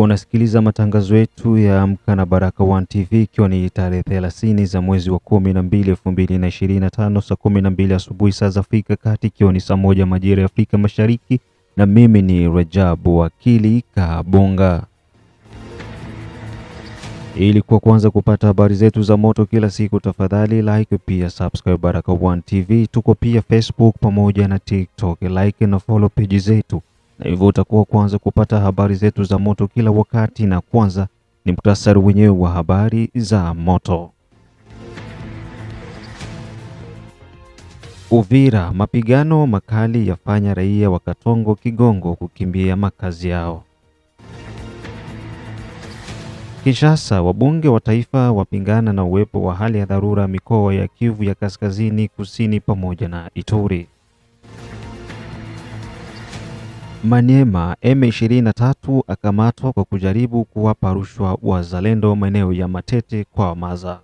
ulikuwa unasikiliza matangazo yetu ya Amka na Baraka One TV ikiwa ni tarehe 30 za mwezi wa 12 2025, saa 12 asubuhi saa za Afrika Kati, ikiwa ni saa moja majira ya Afrika Mashariki, na mimi ni Rajabu Wakili Kabonga. Ili kwa kwanza kupata habari zetu za moto kila siku, tafadhali like pia subscribe Baraka One TV. Tuko pia Facebook pamoja na TikTok, like na follow page zetu na hivyo utakuwa kwanza kupata habari zetu za moto kila wakati, na kwanza ni muhtasari wenyewe wa habari za moto. Uvira, mapigano makali yafanya raia wa Katongo Kigongo kukimbia makazi yao. Kinshasa, wabunge wa taifa wapingana na uwepo wa hali ya dharura mikoa ya Kivu ya Kaskazini, Kusini pamoja na Ituri. Manyema M23 akamatwa kwa kujaribu kuwapa rushwa wazalendo maeneo ya Matete kwa Maza.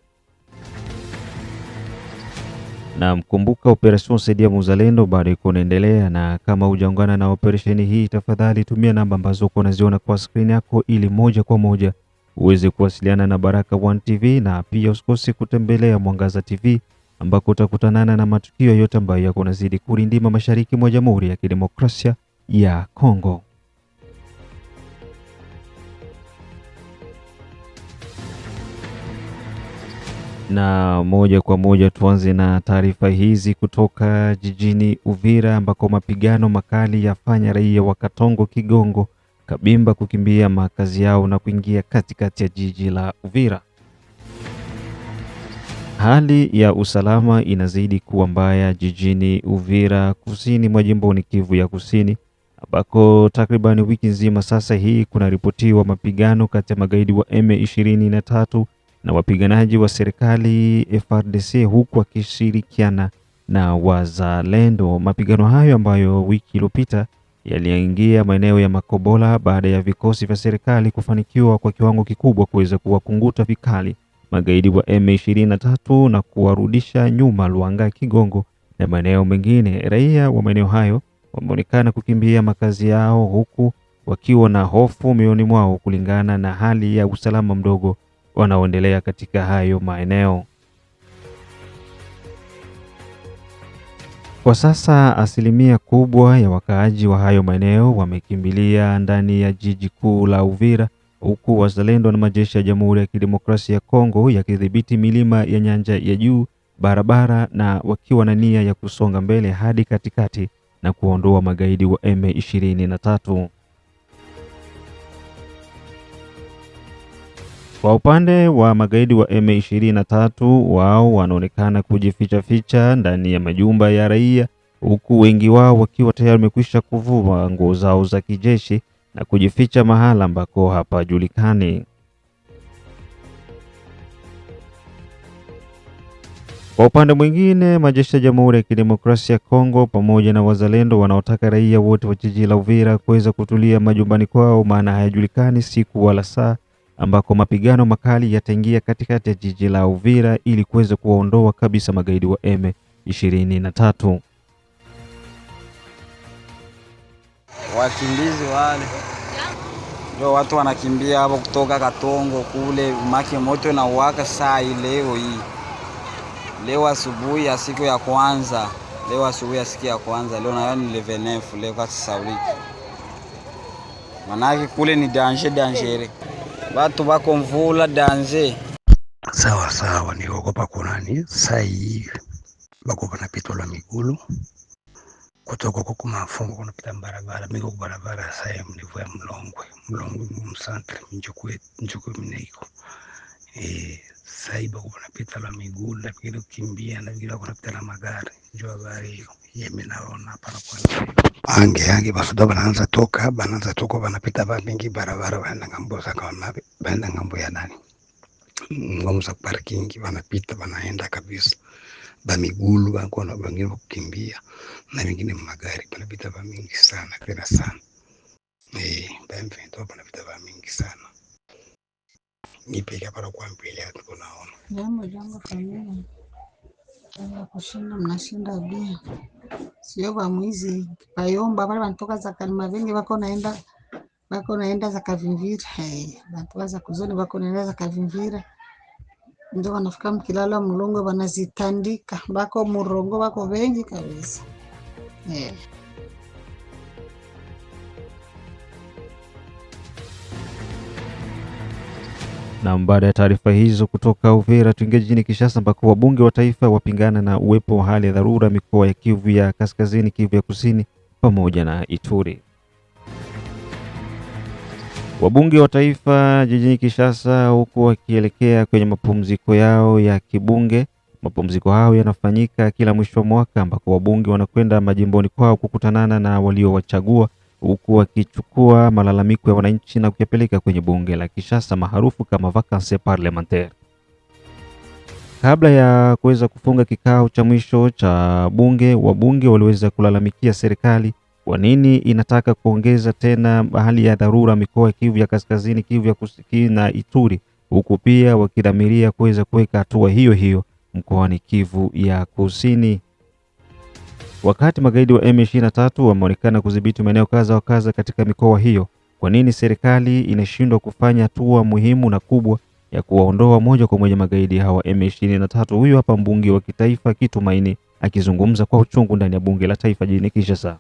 Na mkumbuka operesheni saidia muzalendo bado iko inaendelea, na kama hujaungana na operesheni hii, tafadhali tumia namba ambazo uko unaziona kwa skrini yako ili moja kwa moja uweze kuwasiliana na Baraka One TV, na pia usikose kutembelea Mwangaza TV ambako utakutanana na matukio yote ambayo yako nazidi kurindima mashariki mwa Jamhuri ya Kidemokrasia ya Kongo. Na moja kwa moja tuanze na taarifa hizi kutoka jijini Uvira ambako mapigano makali yafanya raia wa Katongo Kigongo Kabimba kukimbia makazi yao na kuingia katikati ya jiji la Uvira. Hali ya usalama inazidi kuwa mbaya jijini Uvira kusini mwa jimboni Kivu ya Kusini ambako takriban wiki nzima sasa hii kunaripotiwa mapigano kati ya magaidi wa M23 na wapiganaji wa serikali frdc huku wakishirikiana na wazalendo. Mapigano hayo ambayo wiki iliyopita yaliingia maeneo ya Makobola baada ya vikosi vya serikali kufanikiwa kwa kiwango kikubwa kuweza kuwakunguta vikali magaidi wa M23 na kuwarudisha nyuma Luanga, Kigongo na maeneo mengine. Raia wa maeneo hayo wameonekana kukimbia makazi yao huku wakiwa na hofu mioyoni mwao kulingana na hali ya usalama mdogo wanaoendelea katika hayo maeneo. Kwa sasa asilimia kubwa ya wakaaji wa hayo maeneo wamekimbilia ndani ya jiji kuu la Uvira, huku wazalendo na majeshi ya Jamhuri ya Kidemokrasia ya Kongo yakidhibiti milima ya nyanja ya juu, barabara na wakiwa na nia ya kusonga mbele hadi katikati na kuondoa magaidi wa M23. Kwa upande wa magaidi wa M23, wao wanaonekana kujificha ficha ndani ya majumba ya raia, huku wengi wao wakiwa tayari wamekwisha kuvua nguo zao za kijeshi na kujificha mahala ambako hapajulikani. Kwa upande mwingine, majeshi ya Jamhuri ya Kidemokrasia ya Kongo pamoja na wazalendo wanaotaka raia wote wa jiji la Uvira kuweza kutulia majumbani kwao, maana hayajulikani siku wala saa ambako mapigano makali yataingia katikati ya jiji la Uvira ili kuweza kuwaondoa kabisa magaidi wa M23. Wakimbizi wale ndio watu wanakimbia hapo kutoka Katongo kule, make moto na uwaka saa ileo hii leo asubuhi ya siku ya kwanza, leo asubuhi ya siku ya kwanza, leo nayo ni 9 leo katisauliki, manake kule ni danger danger, watu bako mvula danger. Sawa sawa, nikogopa kunani sai bako pito la migulu kutoka ko kumafungo kunapita mbarabara miko barabara sai mlivu ya mlongwe mlongwe msantre njoku njoku mneiko eh cyber, wanapita la miguu, na kukimbia, na vingine la magari. Njoo habari hiyo yemi naona para kwa ange ange basoda banaanza toka banaanza toka banapita ba mingi barabara baenda ngambo za kama baenda ngambo ya nani ngambo za parking banapita banaenda kabisa bamigulu bako na wengine kukimbia na wengine magari banapita ba mingi sana tena sana eh bamfento banapita ba mingi sana nipeleka para kwa mbele yake. Unaona jambo jambo familia kama kushinda mnashinda bia sio kwa mwizi bayomba bale Wanatoka za kalima vingi wako naenda wako naenda za kavimvira hey, wanatoka za kuzoni wako naenda za kavimvira ndio wanafika mkilala mlongo wanazitandika bako murongo bako wengi kabisa hey. Na baada ya taarifa hizo kutoka Uvira, tuingia jijini kishasa ambako wabunge wa taifa wapingana na uwepo wa hali ya dharura mikoa ya Kivu ya Kaskazini, Kivu ya Kusini pamoja na Ituri. Wabunge wa taifa jijini kishasa huku wakielekea kwenye mapumziko yao ya kibunge. Mapumziko hayo yanafanyika kila mwisho wa mwaka ambako wabunge wanakwenda majimboni kwao kukutanana na waliowachagua huku wakichukua malalamiko ya wananchi na kuyapeleka kwenye bunge la Kinshasa maarufu kama vacance parlementaire. Kabla ya kuweza kufunga kikao cha mwisho cha bunge, wabunge waliweza kulalamikia serikali kwa nini inataka kuongeza tena hali ya dharura mikoa Kivu ya Kaskazini, Kivu ya Kusini na Ituri, huku pia wakidhamiria kuweza kuweka hatua hiyo hiyo mkoani Kivu ya Kusini. Wakati magaidi wa M23 wameonekana kudhibiti maeneo kadha wa kadha katika mikoa hiyo, kwa nini serikali inashindwa kufanya hatua muhimu na kubwa ya kuwaondoa moja kwa moja magaidi hawa M23? Huyu hapa mbunge wa kitaifa Kitumaini akizungumza kwa uchungu ndani ya bunge la taifa jijini Kinshasa.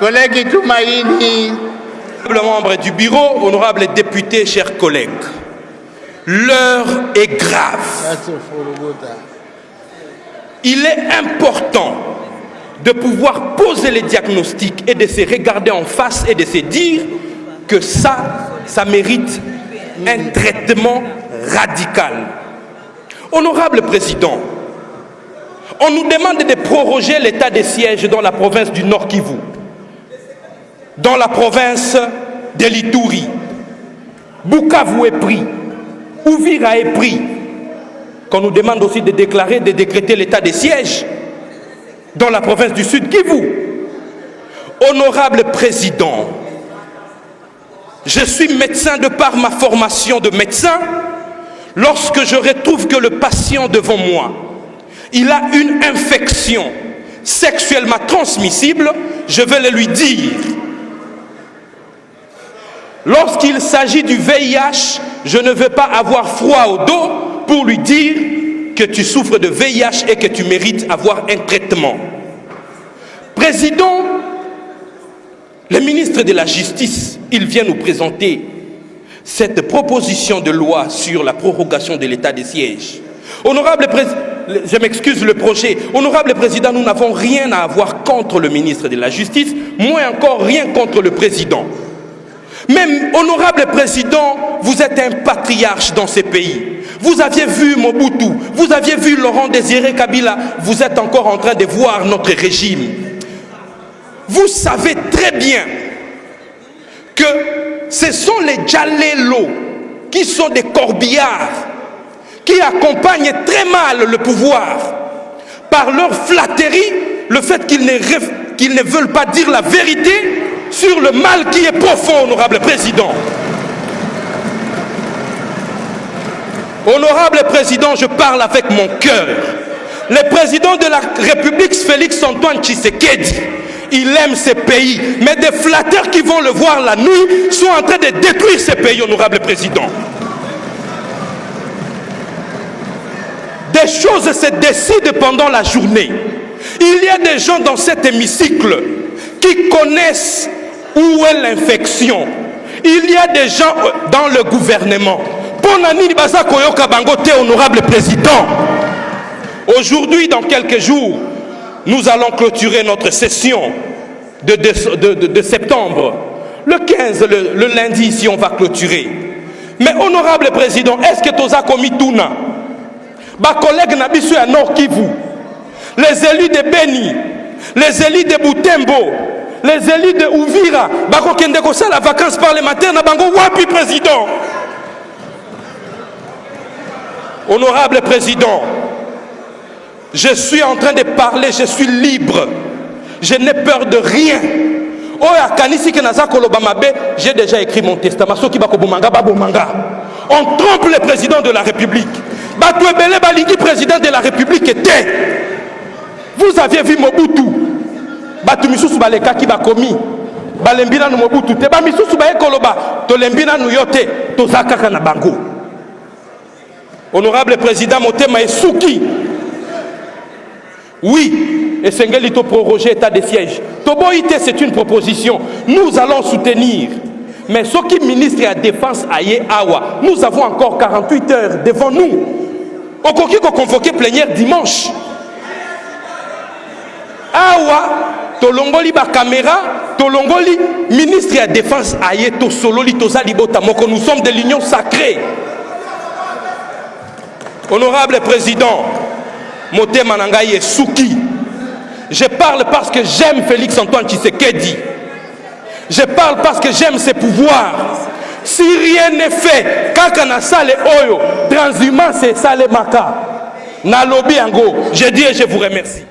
Collègue Kitumaini, membre du bureau, honorable député, chers collègues l'heure est grave. Il est important de pouvoir poser les diagnostics et de se regarder en face et de se dire que ça, ça mérite un traitement radical. Honorable Président, on nous demande de proroger l'état des sièges dans la province du Nord Kivu, dans la province de Litouri. Bukavu est pris, ouvrir à épris, qu'on nous demande aussi de déclarer, de décréter l'état des sièges dans la province du Sud qui vous Honorable président, je suis médecin de par ma formation de médecin. Lorsque je retrouve que le patient devant moi, il a une infection sexuellement transmissible, je vais le lui dire. Lorsqu'il s'agit du VIH, je ne veux pas avoir froid au dos pour lui dire que tu souffres de VIH et que tu mérites avoir un traitement. Président, le ministre de la Justice, il vient nous présenter cette proposition de loi sur la prorogation de l'état de siège. Honorable président, je m'excuse le projet. Honorable président, nous n'avons rien à avoir contre le ministre de la Justice, moins encore rien contre le président. Même, honorable président, vous êtes un patriarche dans ce pays. Vous aviez vu Mobutu, vous aviez vu Laurent Désiré Kabila, vous êtes encore en train de voir notre régime. Vous savez très bien que ce sont les Jalélo qui sont des corbillards, qui accompagnent très mal le pouvoir par leur flatterie, le fait qu'ils ne veulent pas dire la vérité sur le mal qui est profond, honorable président. Honorable président, je parle avec mon cœur. Le président de la République, Félix Antoine Tshisekedi, il aime ce pays, mais des flatteurs qui vont le voir la nuit sont en train de détruire ce pays, honorable président. Des choses se décident pendant la journée. Il y a des gens dans cet hémicycle qui connaissent où est l'infection Il y a des gens euh, dans le gouvernement. honorable président. Aujourd'hui, dans quelques jours, nous allons clôturer notre session de, septembre. Le 15, le, lundi, ici, on va clôturer. Mais honorable président, est-ce que Toza commis tout Ma collègue Nabisu à Nord Kivu, les élus de Beni, les élus de Boutembo, les élites de Ouvira bakokende la vacances parlementaire na bango wapi président Honorable président, je suis en train de parler, je suis libre. Je n'ai peur de rien. J'ai déjà écrit mon testament. On trompe le président de la République. Le président de la République, était. Vous aviez vu Mobutu bato misusu balekaki bakomi balembi nanu mobutu te bamisusu baye koloba tolembi nanu yo te toza kaka na bango honorable président motema esuki oui et esengeli toproroge état de siège toboyi te c'est une proposition nous allons soutenir mais soki ministre à défense aye awa nous avons encore 48 heures devant nous okoki koconvoke plénière dimanche awa tolongoli caméra tolongoli ministre la défense aye Sololi, toza moko nous sommes de l'union sacrée honorable président je parle parce que j'aime félix antoine tshisekedi je parle parce que j'aime ses pouvoirs si rien n'est fait kaka na oyo transhumance Maka. nalobi Ango, je dis et je vous remercie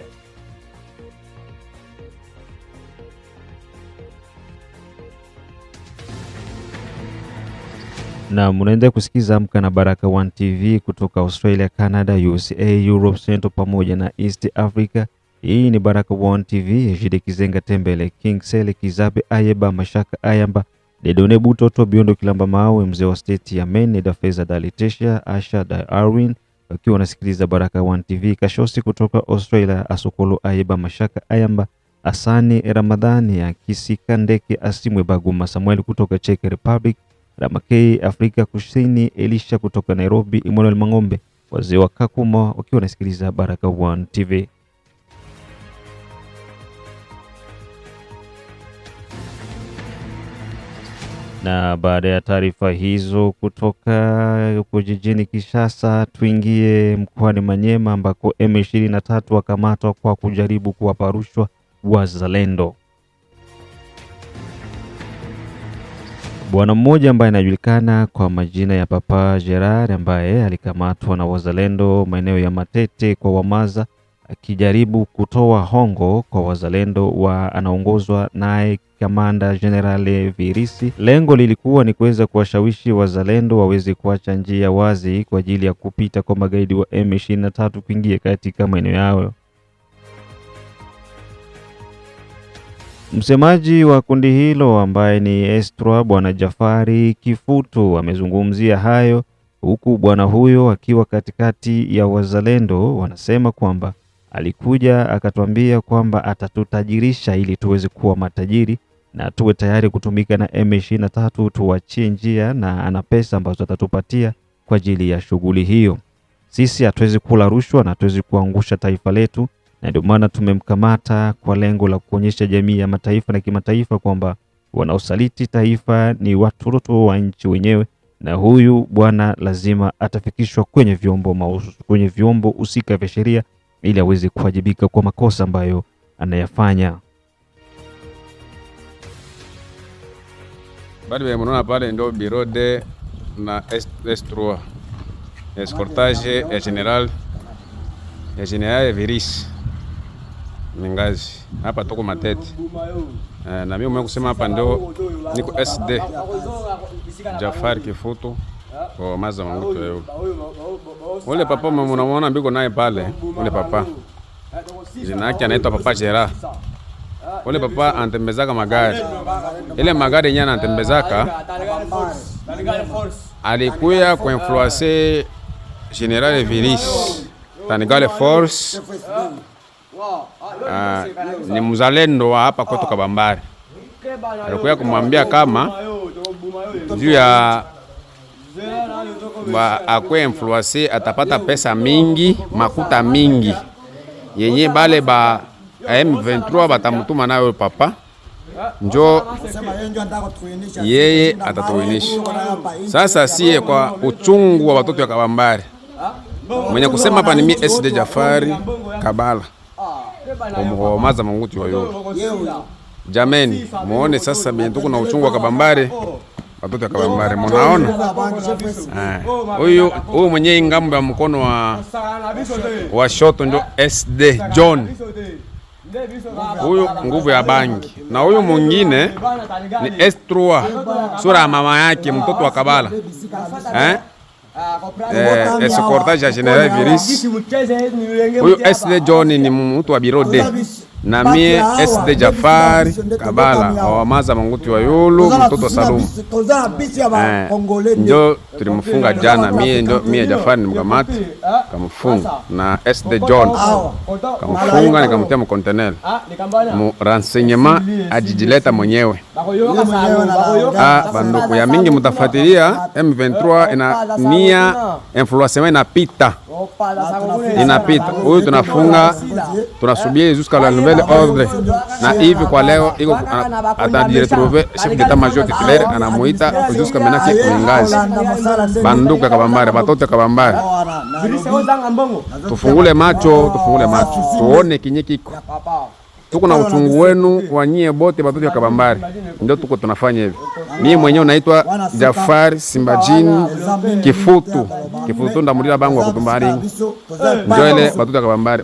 na unaendelea kusikiza Amka na Baraka One TV kutoka Australia, Canada, USA, Europe Central pamoja na East Africa. Hii ni Baraka One TV. Jide Kizenga Tembele, King Sele Kizabe, Ayeba Mashaka, Ayamba Dedone Butoto, Biondo Kilamba Mawe, mzee wa state ya Maine, Dafeza Dalitesha, Asha Arwin, wakiwa wanasikiliza Baraka One TV. Kashosi kutoka Australia, Asokolo Ayeba Mashaka, Ayamba Asani Ramadhani, Akisika Ndeke Asimwe Baguma, Samuel kutoka Czech Republic Makei Afrika Kusini, Elisha kutoka Nairobi, Emmanuel Mang'ombe, wazee wa Kakuma wakiwa wanasikiliza Baraka One TV. Na baada ya taarifa hizo kutoka huko jijini Kishasa, tuingie mkoani Manyema ambako M23 wakamatwa kwa kujaribu kuwapa rushwa wazalendo. Bwana mmoja ambaye anajulikana kwa majina ya Papa Gerard ambaye alikamatwa na wazalendo maeneo ya Matete kwa Wamaza akijaribu kutoa hongo kwa wazalendo wa anaongozwa naye kamanda General Virisi. Lengo lilikuwa ni kuweza kuwashawishi wazalendo waweze kuacha njia wazi kwa ajili ya kupita kwa magaidi wa M23 kuingia katika maeneo yao. Msemaji wa kundi hilo ambaye ni Estra Bwana Jafari Kifutu amezungumzia hayo huku bwana huyo akiwa katikati ya wazalendo. Wanasema kwamba alikuja akatwambia kwamba atatutajirisha ili tuweze kuwa matajiri na tuwe tayari kutumika na M23 tuwachie njia, na ana pesa ambazo atatupatia kwa ajili ya shughuli hiyo. Sisi hatuwezi kula rushwa na hatuwezi kuangusha taifa letu na ndio maana tumemkamata kwa lengo la kuonyesha jamii ya mataifa na kimataifa kwamba wanaosaliti taifa ni watoto wa nchi wenyewe, na huyu bwana lazima atafikishwa kwenye vyombo mahususi, kwenye vyombo husika vya sheria ili aweze kuwajibika kwa makosa ambayo anayafanya. Bado mnaona pale ndio birode na S3 escortage ya eh, general ya eh, general eh, Mingazi hapa tuko Matete eh, na mimi mwe kusema hapa ndio niko SD Jafari Kifutu kwa oh, maza mangutu yao. Eh. Ule papa mnamuona mbiko naye pale, ule papa jina yake anaitwa Papa Jera. Ule papa antembezaka magari, ile magari yenyewe anatembezaka alikuya kuinfluencer General Vilis Tanigale Force Ah, ni mzalendo wa hapa kwetu Kabambari, ah. Alikuya kumwambia kama juu ya akwe influence atapata pesa mingi makuta mingi yenye bale ba M23 batamutuma nayo papa njo yeye atatuinisha. Sasa siye kwa uchungu wa watoto wa Kabambari, mwenye kusema hapa ni mi SD Jafari Kabala omuhoomaza wa yoyo jameni, muone sasa bentuku na uchungu wa kabambare watoto kabambare munaona eh. huyu huyu mwenye ingamba ya mkono wa wa shoto ndio SD John, huyu nguvu ya bangi, na huyu mwingine ni S3 sura ya mama yake mtoto wa Kabala eh? Eh, et ce cortage a virus? vírus. Huyu SD John ni na mie SD Jafari Kabala awamaza manguti wa yulu mtoto Salumu eh, njo tulimfunga jana. Mie njo mie Jafari nimkamati kamfunga na SD John kamfunga nikamtia mkontenel mu renseignement ah, ajijileta mwenyewe. Ah, banduku ya mingi mutafatilia M23 eh, ina nia influence inapita inapita. Huyu tunafunga, tunasubiri jusqu'à la nouvelle ordre, na hivi kwa leo iko atadiretrouve chef d'etat major titulaire anamuita jusqu'à menaki kuingazi banduka kabambare batote kabambare. Tufungule macho, tufungule macho tuone kinye kiko tuko na uchungu wenu nyie bote batoto ya Kabambari, ndio tuko tunafanya hivi. Mimi mwenyewe naitwa jafar Simbajini Kifutu, Kifutu ndamulira bangu wa kutumbari, ndio ile batoto ya Kabambari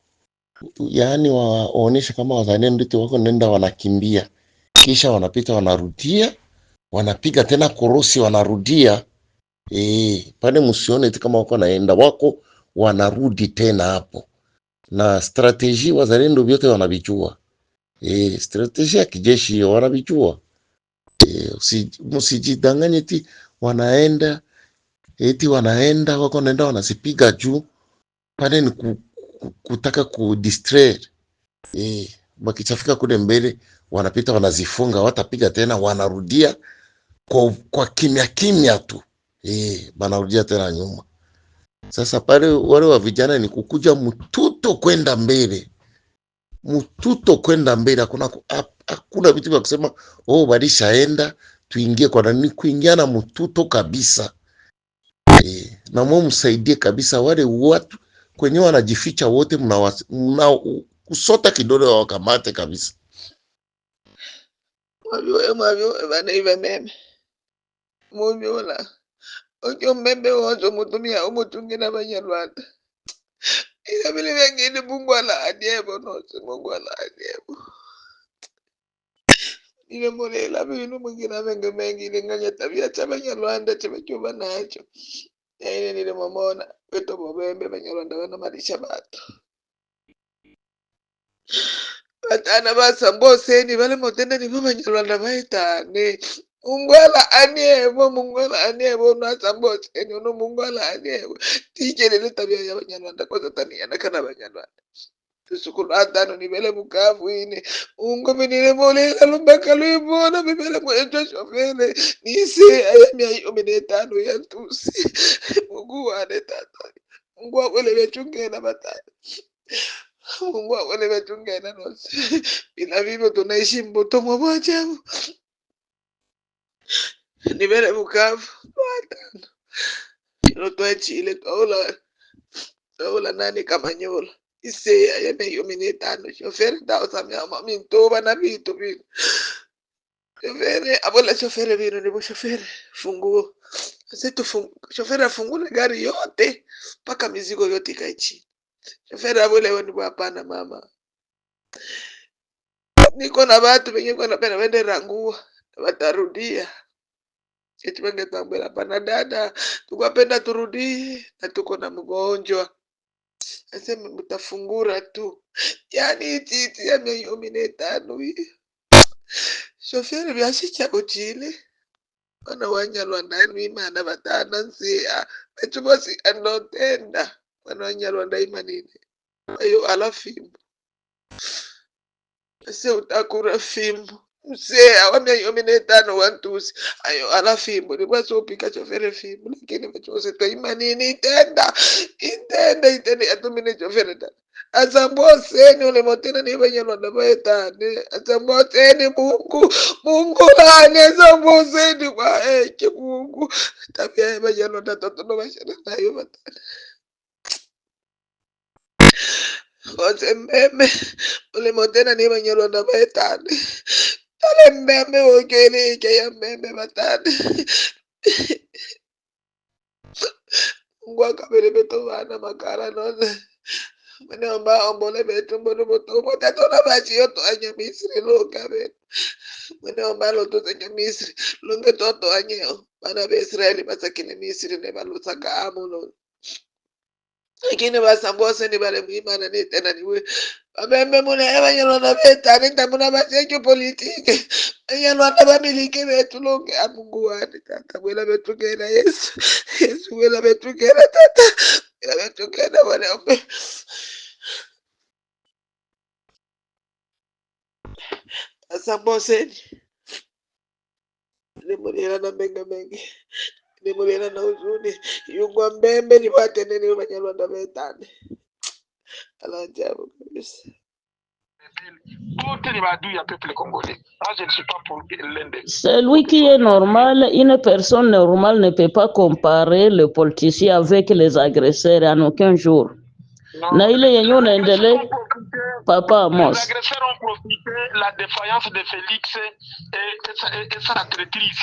yaani waonyeshe kama wazalendo eti wako nenda wanakimbia, kisha wanapita wanarudia, wanapiga tena korosi wanarudia. E, pale msione tu kama wako naenda wako wanarudi tena hapo, na strateji wazalendo vyote wanavijua. E, strateji ya kijeshi wanavijua. E, msijidanganye eti wanaenda eti wanaenda wako naenda wanazipiga juu pale ni kutaka kudistrair eh, wakichafika kule mbele wanapita wanazifunga, watapiga tena, wanarudia kwa, kwa kimya kimya tu eh, wanarudia tena nyuma. Sasa pale wale wa vijana ni kukuja mtuto kwenda mbele, mtuto kwenda mbele. Hakuna hakuna vitu vya kusema oh, walishaenda tuingie kwa nani, na mtuto kabisa eh, na msaidie kabisa wale watu kwenye wanajificha wote, kusota kidole wawakamate kabisa. Mwavyuwe mwavyuwe vanaiva meme muvyula uco mmembe wozo mutumia umutungina vanyarwanda ila vile vyangini Mungu alaadyebo nosi Mungu alaadyebo ile vinu mwingina vengi mengi ilinganya tabia cha vanyalwanda chivachuva nacho yaini nilimomona beto bobembe banyarwanda banamalisha bato batana basamba oseni bale motenda nibo banyarwanda baetane mungwala anievo mungwala anievo unasamba oseni uno mungwala anievo ticherere tabia ya banyarwanda kwa sataniana kana banyarwanda sukuradaano nivele mukafu ine ungo lumbaka molekalo mbakalo ibona bibele mwenjwa shofele nise ayamyayo minetano yantusi mungu wane tata mungu wawele vechungena batata mungu wawele vechungena nose bila vivyo tunaishi mbotomo mwajabu nibele mukafu twatano ilo twechile twaula twaula nani kamanyola isseya yeme yomine tanno shofere daosame ama min tubana vino shofere abola shofere vino nivo shofere funguo asetu fungu, shofere afungule gari yote mpaka mizigo yote ikae chini shofere abola iwo nivo hapana mama niko na vatu venye kwanapenda vendera nguwa vatarudia eti vengetambwela pana dada tukwapenda turudie na tuko na mgonjwa asema mtafungura tu, yaani iti ya miyumi netanu shoferi vyashicha uchile vana wanyalwa ndaniimana vatana nsiya vetu vosi anotenda vana wanyalwa ndaimanine ayo ala fimbo ase utakura fimbo mzee awamya yomi netano wantusi ayo ala fimbo ndibwazopika chofere fimbo lakini vachose twaimanini itenda itenda itenda yatumine chofere ni azamboseni ulemotena nivanyalwanda vaetani azamboseni mungu mungu lani azamboseni kwaeke mungu tabia yevanyalwanda totono vashana nayo vatani ni ulemotena nivanyalwanda vaetani Tale mmemme nwoke na-eke ya mmemme batani ngwaka berebeta umwana makara none mune omba ombole betu mbone mutumbo tatona vachiyoto anyamisiri loka betu mune omba lotuza nyamisiri lunge toto anyeho vana vaisraeri vatsakile misiri anya. Misiri ka nevalotsaka amuno lakini basambose nibalemwimana nitenaniwe babembe munaye banyalwana vetani ntamuna basenke politike banyalwana vamilike betulonge amungu wani tata bwela betukena yesu yesu bwela betukena tata bwela betukena balembe basamboseni limulira na menga nimulina na huzuni, yungwa mbembe nipate nini Banyarwanda betane alajabu kabisa Celui qui est normal, une personne normale ne peut pas comparer le politicien avec les agresseurs en aucun jour. Naïle Yanyon Endele, Papa Amos. Les agresseurs ont profité la défaillance de Félix et, et, et, et sa traîtrise.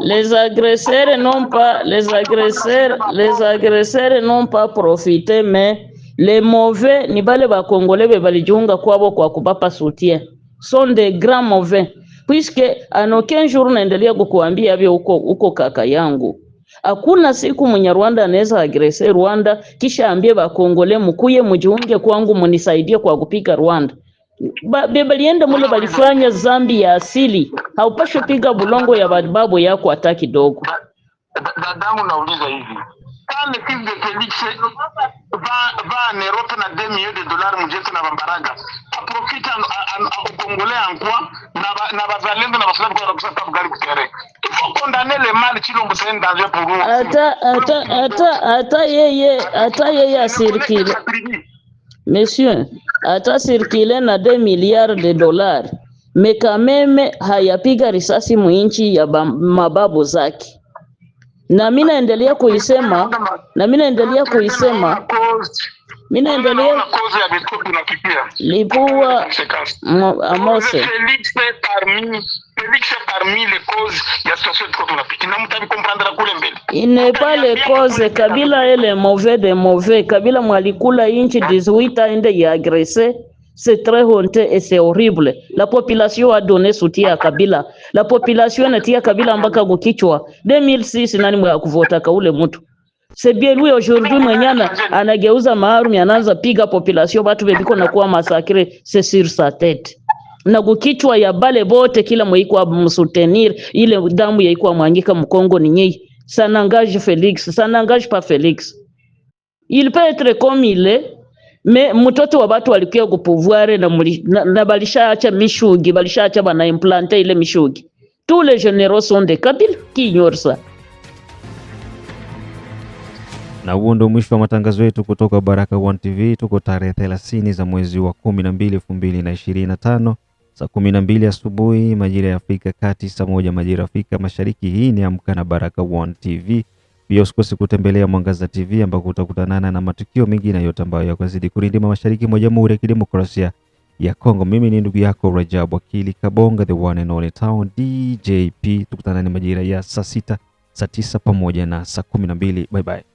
Les agresseurs n'ont pas, les agresseurs, les agresseurs n'ont pas profité, mais les mauvais ni bale ba Congolais be balijiunga kwabo kwa kubapa soutien sont des grands mauvais puisque anoken jour naendelea kukuambia vyo uko, uko kaka yangu hakuna siku Mnyarwanda anaweza agrese Rwanda kisha ambie bakongole mukuye mjiunge kwangu munisaidie kwa kupika Rwanda. Be balienda mule balifanya zambi ya asili, haupashe piga bulongo ya babu yako hata kidogo. Dadangu, nauliza hivi kama singekelishe vanerota na demi millions dolari mjetu na bambaraga aprofite ukongole ankwa na bazalendo na basulabu kwa rakusa tabu gari kutere kifo kondane le mali chilo mbuseni danger pour ata ata ata ata yeye ata yeye asirikile Monsieur, hata sirkile na 2 milliards de dollars Mekameme hayapiga risasi mwinchi ya mababu zake, na mimi naendelea kuisema na mimi naendelea kuisema mimi naendelea lipua amose Il n'est pas les causes, Kabila est le mauvais des mauvais. Kabila mwalikula inchi 18 ans ende ya agressé. C'est très honteux et c'est horrible. La population a donné soutien à Kabila. La population anatia Kabila mpaka kukichwa. 2006 nani mwa kuvota kaule mtu. C'est bien lui aujourd'hui mwenyana anageuza maarumi anaanza piga population, batu bebiko na kuwa masakre, c'est sur sa tête na kukichwa ya bale bote kila mwaikuwa msutenir ile damu yaikwa mwangika mkongo ni nyei ça Felix ça pa Felix il peut être comme il est me mtoto wa batu walikuya kupuvuare na, na, na balishaacha mishugi balisha balishaacha bana implante ile mishugi tous les généraux sont de Kabila qui ignore ça na huo ndio mwisho wa matangazo yetu kutoka Baraka1 TV. Tuko tarehe 30 za mwezi wa 12 2025 saa kumi na mbili asubuhi majira ya Afrika Kati, saa moja majira ya Afrika Mashariki. Hii ni Amka na Baraka One TV. Pia usikose kutembelea Mwangaza TV ambako utakutanana na matukio mengine yote ambayo yakozidi kurindima mashariki mwa Jamhuri ya Kidemokrasia ya Kongo. Mimi ni ndugu yako Rajab Wakili Kabonga, the one and only town DJP. tukutanani majira ya saa sita, saa tisa pamoja na saa kumi na mbili. Bye bye.